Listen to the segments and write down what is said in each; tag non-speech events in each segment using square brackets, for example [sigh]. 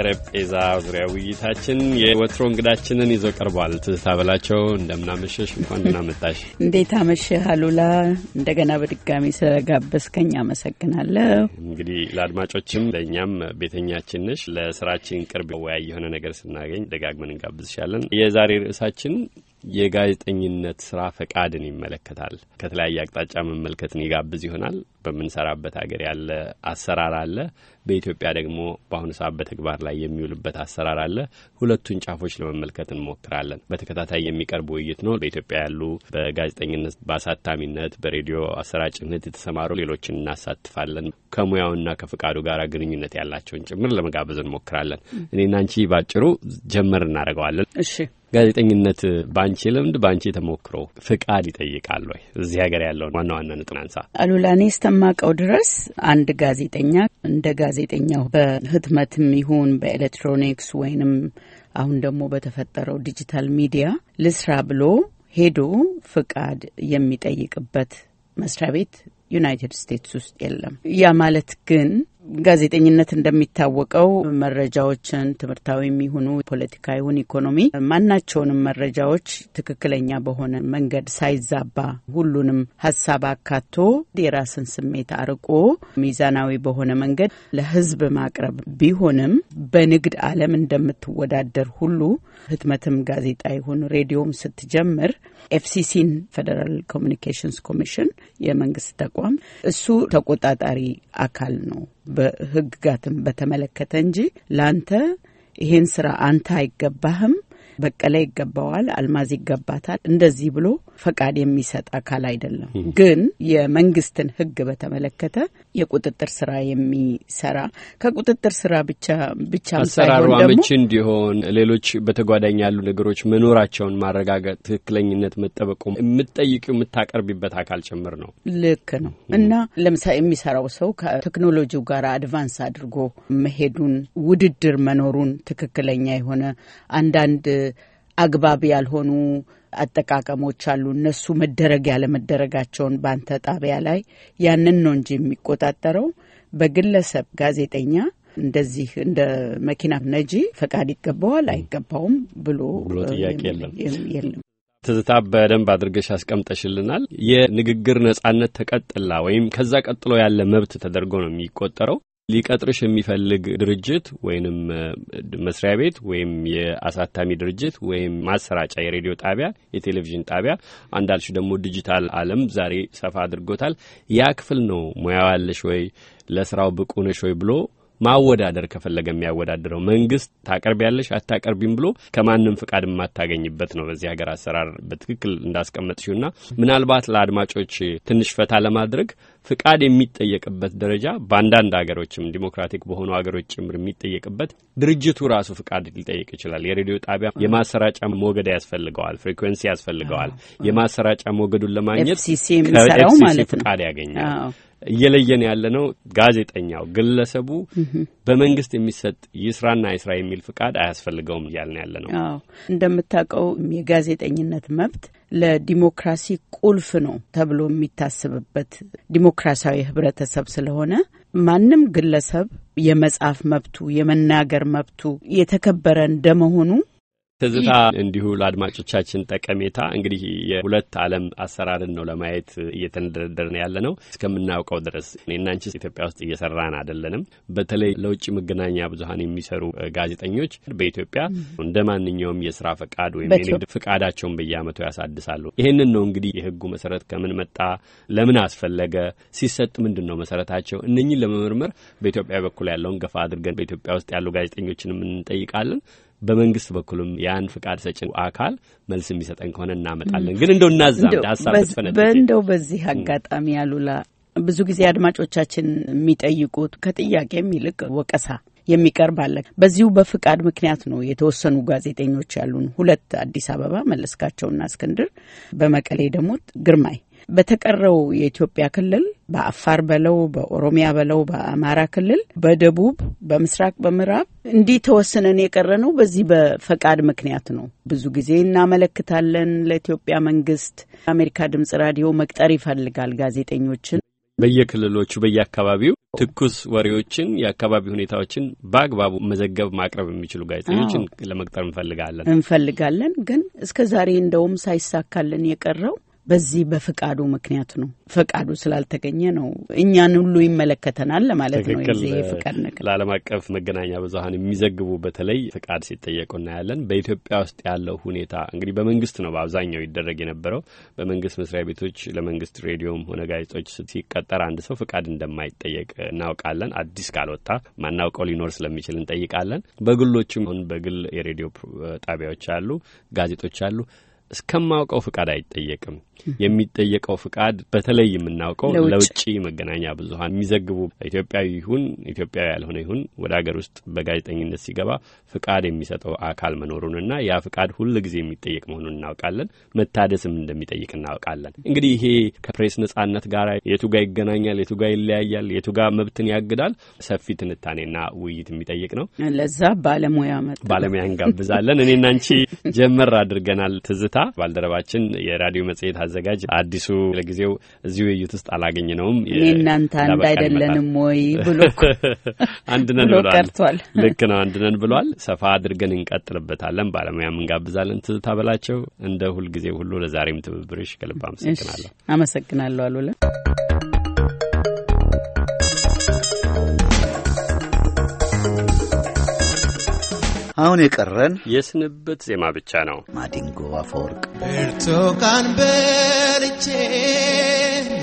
ጠረጴዛ ዙሪያ ውይይታችን የወትሮ እንግዳችንን ይዞ ቀርቧል። ትዝታ በላቸው እንደምናመሸሽ፣ እንኳን እናመጣሽ። እንዴት አመሸህ አሉላ? እንደገና በድጋሚ ስለጋበዝከኝ አመሰግናለሁ። እንግዲህ ለአድማጮችም ለእኛም ቤተኛችን ነሽ። ለስራችን ቅርብ ወያይ የሆነ ነገር ስናገኝ ደጋግመን እንጋብዝሻለን። የዛሬ ርዕሳችን የጋዜጠኝነት ስራ ፈቃድን ይመለከታል። ከተለያየ አቅጣጫ መመልከትን ይጋብዝ ይሆናል። በምንሰራበት ሀገር ያለ አሰራር አለ። በኢትዮጵያ ደግሞ በአሁኑ ሰዓት በተግባር ላይ የሚውልበት አሰራር አለ። ሁለቱን ጫፎች ለመመልከት እንሞክራለን። በተከታታይ የሚቀርብ ውይይት ነው። በኢትዮጵያ ያሉ በጋዜጠኝነት፣ በአሳታሚነት፣ በሬዲዮ አሰራጭነት የተሰማሩ ሌሎችን እናሳትፋለን። ከሙያውና ከፈቃዱ ጋር ግንኙነት ያላቸውን ጭምር ለመጋበዝ እንሞክራለን። እኔና አንቺ ባጭሩ ጀመር እናደርገዋለን። እሺ ጋዜጠኝነት በአንቺ ልምድ በአንቺ ተሞክሮ ፍቃድ ይጠይቃል ወይ? እዚህ ሀገር ያለውን ዋና ዋና ነጥብ አንሳ። አሉላ፣ እኔ እስከማውቀው ድረስ አንድ ጋዜጠኛ እንደ ጋዜጠኛው በህትመትም ይሁን በኤሌክትሮኒክስ ወይንም አሁን ደግሞ በተፈጠረው ዲጂታል ሚዲያ ልስራ ብሎ ሄዶ ፍቃድ የሚጠይቅበት መስሪያ ቤት ዩናይትድ ስቴትስ ውስጥ የለም። ያ ማለት ግን ጋዜጠኝነት እንደሚታወቀው መረጃዎችን ትምህርታዊ የሚሆኑ ፖለቲካ ይሁን ኢኮኖሚ፣ ማናቸውንም መረጃዎች ትክክለኛ በሆነ መንገድ ሳይዛባ ሁሉንም ሀሳብ አካቶ የራስን ስሜት አርቆ ሚዛናዊ በሆነ መንገድ ለሕዝብ ማቅረብ ቢሆንም በንግድ ዓለም እንደምትወዳደር ሁሉ ህትመትም ጋዜጣ ይሁን ሬዲዮም ስትጀምር ኤፍሲሲን ፌዴራል ኮሚኒኬሽንስ ኮሚሽን የመንግስት ተቋም እሱ ተቆጣጣሪ አካል ነው። በህግጋትም በተመለከተ እንጂ ለአንተ ይሄን ስራ አንተ አይገባህም፣ በቀለ ይገባዋል፣ አልማዝ ይገባታል፣ እንደዚህ ብሎ ፈቃድ የሚሰጥ አካል አይደለም። ግን የመንግስትን ህግ በተመለከተ የቁጥጥር ስራ የሚሰራ ከቁጥጥር ስራ ብቻ ብቻ አሰራሩ አመቺ እንዲሆን ሌሎች በተጓዳኝ ያሉ ነገሮች መኖራቸውን ማረጋገጥ ትክክለኝነት መጠበቁ የምትጠይቂው የምታቀርቢበት አካል ጭምር ነው። ልክ ነው እና ለምሳሌ የሚሰራው ሰው ከቴክኖሎጂው ጋር አድቫንስ አድርጎ መሄዱን ውድድር መኖሩን ትክክለኛ የሆነ አንዳንድ አግባብ ያልሆኑ አጠቃቀሞች አሉ። እነሱ መደረግ ያለመደረጋቸውን በአንተ ጣቢያ ላይ ያንን ነው እንጂ የሚቆጣጠረው በግለሰብ ጋዜጠኛ እንደዚህ እንደ መኪና ነጂ ፈቃድ ይገባዋል አይገባውም ብሎ ጥያቄ የለም። ትዝታ በደንብ አድርገሽ አስቀምጠሽልናል። የንግግር ነጻነት ተቀጥላ ወይም ከዛ ቀጥሎ ያለ መብት ተደርጎ ነው የሚቆጠረው። ሊቀጥርሽ የሚፈልግ ድርጅት ወይንም መስሪያ ቤት ወይም የአሳታሚ ድርጅት ወይም ማሰራጫ የሬዲዮ ጣቢያ፣ የቴሌቪዥን ጣቢያ አንዳልሽ ደግሞ ዲጂታል ዓለም ዛሬ ሰፋ አድርጎታል። ያ ክፍል ነው ሙያዋለሽ ወይ ለስራው ብቁ ነሽ ወይ ብሎ ማወዳደር ከፈለገ የሚያወዳድረው መንግስት ያለሽ አታቀርቢም ብሎ ከማንም ፍቃድ የማታገኝበት ነው በዚህ ሀገር አሰራር በትክክል እንዳስቀመጥሽውና ምናልባት ለአድማጮች ትንሽ ፈታ ለማድረግ ፍቃድ የሚጠየቅበት ደረጃ በአንዳንድ ሀገሮችም ዲሞክራቲክ በሆኑ ሀገሮች ጭምር የሚጠየቅበት ድርጅቱ ራሱ ፍቃድ ሊጠይቅ ይችላል። የሬዲዮ ጣቢያ የማሰራጫ ሞገድ ያስፈልገዋል፣ ፍሪኩዌንሲ ያስፈልገዋል። የማሰራጫ ሞገዱን ለማግኘት ከኤፍሲሲ ፍቃድ ያገኛል። እየለየን ያለ ነው። ጋዜጠኛው ግለሰቡ በመንግስት የሚሰጥ ይስራና ይስራ የሚል ፍቃድ አያስፈልገውም እያልን ያለ ነው። አዎ እንደምታውቀው የጋዜጠኝነት መብት ለዲሞክራሲ ቁልፍ ነው ተብሎ የሚታስብበት ዲሞክራሲያዊ ህብረተሰብ ስለሆነ ማንም ግለሰብ የመጻፍ መብቱ የመናገር መብቱ የተከበረ እንደመሆኑ ትዝታ እንዲሁ ለአድማጮቻችን ጠቀሜታ እንግዲህ የሁለት ዓለም አሰራርን ነው ለማየት እየተንደረደርን ያለ ነው። እስከምናውቀው ድረስ እኔና አንቺ ኢትዮጵያ ውስጥ እየሰራን አይደለንም። በተለይ ለውጭ መገናኛ ብዙኃን የሚሰሩ ጋዜጠኞች በኢትዮጵያ እንደ ማንኛውም የስራ ፈቃድ ወይም የንግድ ፈቃዳቸውን በየዓመቱ ያሳድሳሉ። ይህንን ነው እንግዲህ የህጉ መሰረት ከምን መጣ፣ ለምን አስፈለገ፣ ሲሰጥ ምንድን ነው መሰረታቸው፣ እነኚህን ለመመርመር በኢትዮጵያ በኩል ያለውን ገፋ አድርገን በኢትዮጵያ ውስጥ ያሉ ጋዜጠኞችንም እንጠይቃለን። በመንግስት በኩልም ያን ፍቃድ ሰጭ አካል መልስ የሚሰጠን ከሆነ እናመጣለን። ግን እንደው እናዛም ሀሳብ በእንደው በዚህ አጋጣሚ አሉላ ብዙ ጊዜ አድማጮቻችን የሚጠይቁት ከጥያቄም ይልቅ ወቀሳ የሚቀርብ አለ። በዚሁ በፍቃድ ምክንያት ነው የተወሰኑ ጋዜጠኞች ያሉን ሁለት አዲስ አበባ መለስካቸውና እስክንድር፣ በመቀሌ ደግሞ ግርማይ በተቀረው የኢትዮጵያ ክልል በአፋር በለው በኦሮሚያ በለው በአማራ ክልል በደቡብ በምስራቅ በምዕራብ እንዲህ ተወስነን የቀረ ነው። በዚህ በፈቃድ ምክንያት ነው። ብዙ ጊዜ እናመለክታለን ለኢትዮጵያ መንግስት። አሜሪካ ድምጽ ራዲዮ መቅጠር ይፈልጋል ጋዜጠኞችን በየክልሎቹ በየአካባቢው ትኩስ ወሬዎችን የአካባቢ ሁኔታዎችን በአግባቡ መዘገብ ማቅረብ የሚችሉ ጋዜጠኞችን ለመቅጠር እንፈልጋለን እንፈልጋለን ግን እስከ ዛሬ እንደውም ሳይሳካልን የቀረው በዚህ በፍቃዱ ምክንያት ነው። ፍቃዱ ስላልተገኘ ነው። እኛን ሁሉ ይመለከተናል ለማለት ነው። የዚህ ፍቃድ ነገር ለዓለም አቀፍ መገናኛ ብዙኃን የሚዘግቡ በተለይ ፍቃድ ሲጠየቁ እናያለን። በኢትዮጵያ ውስጥ ያለው ሁኔታ እንግዲህ በመንግስት ነው በአብዛኛው ይደረግ የነበረው። በመንግስት መስሪያ ቤቶች ለመንግስት ሬዲዮም ሆነ ጋዜጦች ሲቀጠር አንድ ሰው ፍቃድ እንደማይጠየቅ እናውቃለን። አዲስ ካልወጣ ማናውቀው ሊኖር ስለሚችል እንጠይቃለን። በግሎችም አሁን በግል የሬዲዮ ጣቢያዎች አሉ፣ ጋዜጦች አሉ። እስከማውቀው ፍቃድ አይጠየቅም። የሚጠየቀው ፍቃድ በተለይ የምናውቀው ለውጭ መገናኛ ብዙኃን የሚዘግቡ ኢትዮጵያዊ ይሁን ኢትዮጵያዊ ያልሆነ ይሁን ወደ ሀገር ውስጥ በጋዜጠኝነት ሲገባ ፍቃድ የሚሰጠው አካል መኖሩንና ያ ፍቃድ ጊዜ የሚጠየቅ መሆኑን እናውቃለን። መታደስም እንደሚጠይቅ እናውቃለን። እንግዲህ ይሄ ከፕሬስ ነጻነት ጋር የቱጋ ይገናኛል፣ የቱጋ ይለያያል፣ የቱጋ መብትን ያግዳል ሰፊ ትንታኔና ውይይት የሚጠይቅ ነው። ለዛ ባለሙያ ባለሙያ እንጋብዛለን። እኔና አንቺ ጀመር አድርገናል ትዝታ ፈንታ ባልደረባችን የራዲዮ መጽሔት አዘጋጅ አዲሱ ለጊዜው እዚህ ውይይት ውስጥ አላገኝ ነውም እናንተ አንድ አይደለንም ወይ [laughs] ብሎ አንድነን ብሏል። [laughs] ልክ ነው አንድነን ብሏል። ሰፋ አድርገን እንቀጥልበታለን። ባለሙያም እንጋብዛለን። ትዝታ በላቸው እንደ ሁልጊዜ ሁሉ ለዛሬም ትብብርሽ ከልብ አመሰግናለሁ። አመሰግናለሁ አሉለን አሁን የቀረን የስንብት ዜማ ብቻ ነው። ማዲንጎ አፈወርቅ ብርቱካን በልቼ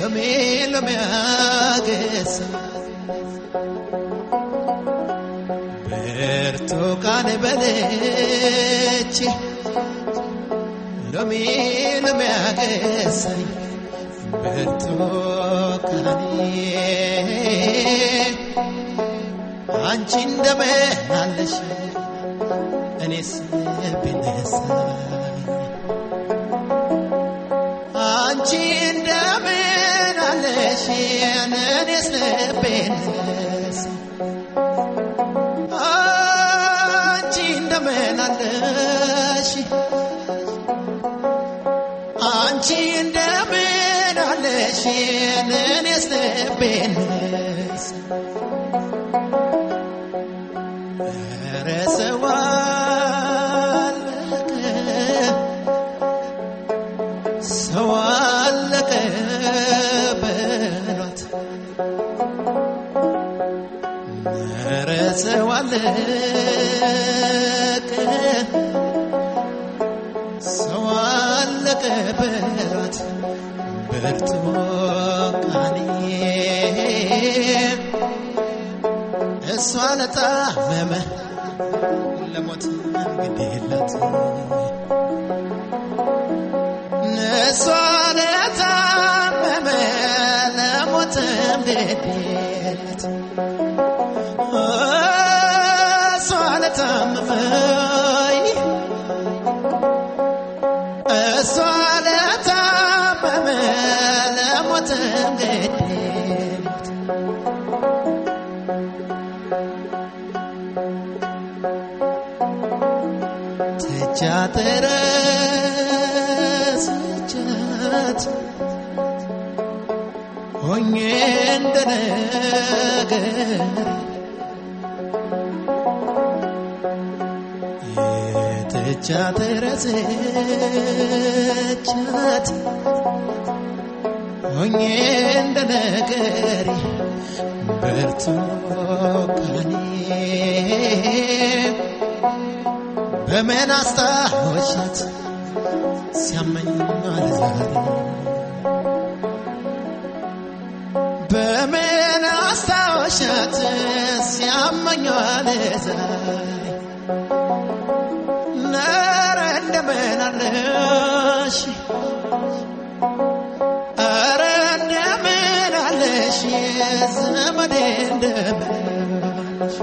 ሎሜ ሎሚያገሰ ብርቱካን በልቼ ሎሜ ሎሜ ብርቱካን አንቺ እንደምን አለሽ እኔስ ብነሳኝ አንቺ እንደምን አለሽ እኔስ አንቺ እንደምን አለሽ አንቺ እንደምን አለሽ እኔስ ከሰው አለቀ ሰው አለቀ በሏት ኧረ ሰው አለቀ እሷ ነጻ I'm ሲያጠረስቻት ሆኜ እንደ ነገር የተቻተረሰቻት ሆኜ እንደ በርቱ ካኔ ለምን አስታወሻት ሲያመኝ አልዛሬ በምን አስታወሻት ነረ እንደምን አለሽ አረ እንደምን አለሽ እንደምን አለሽ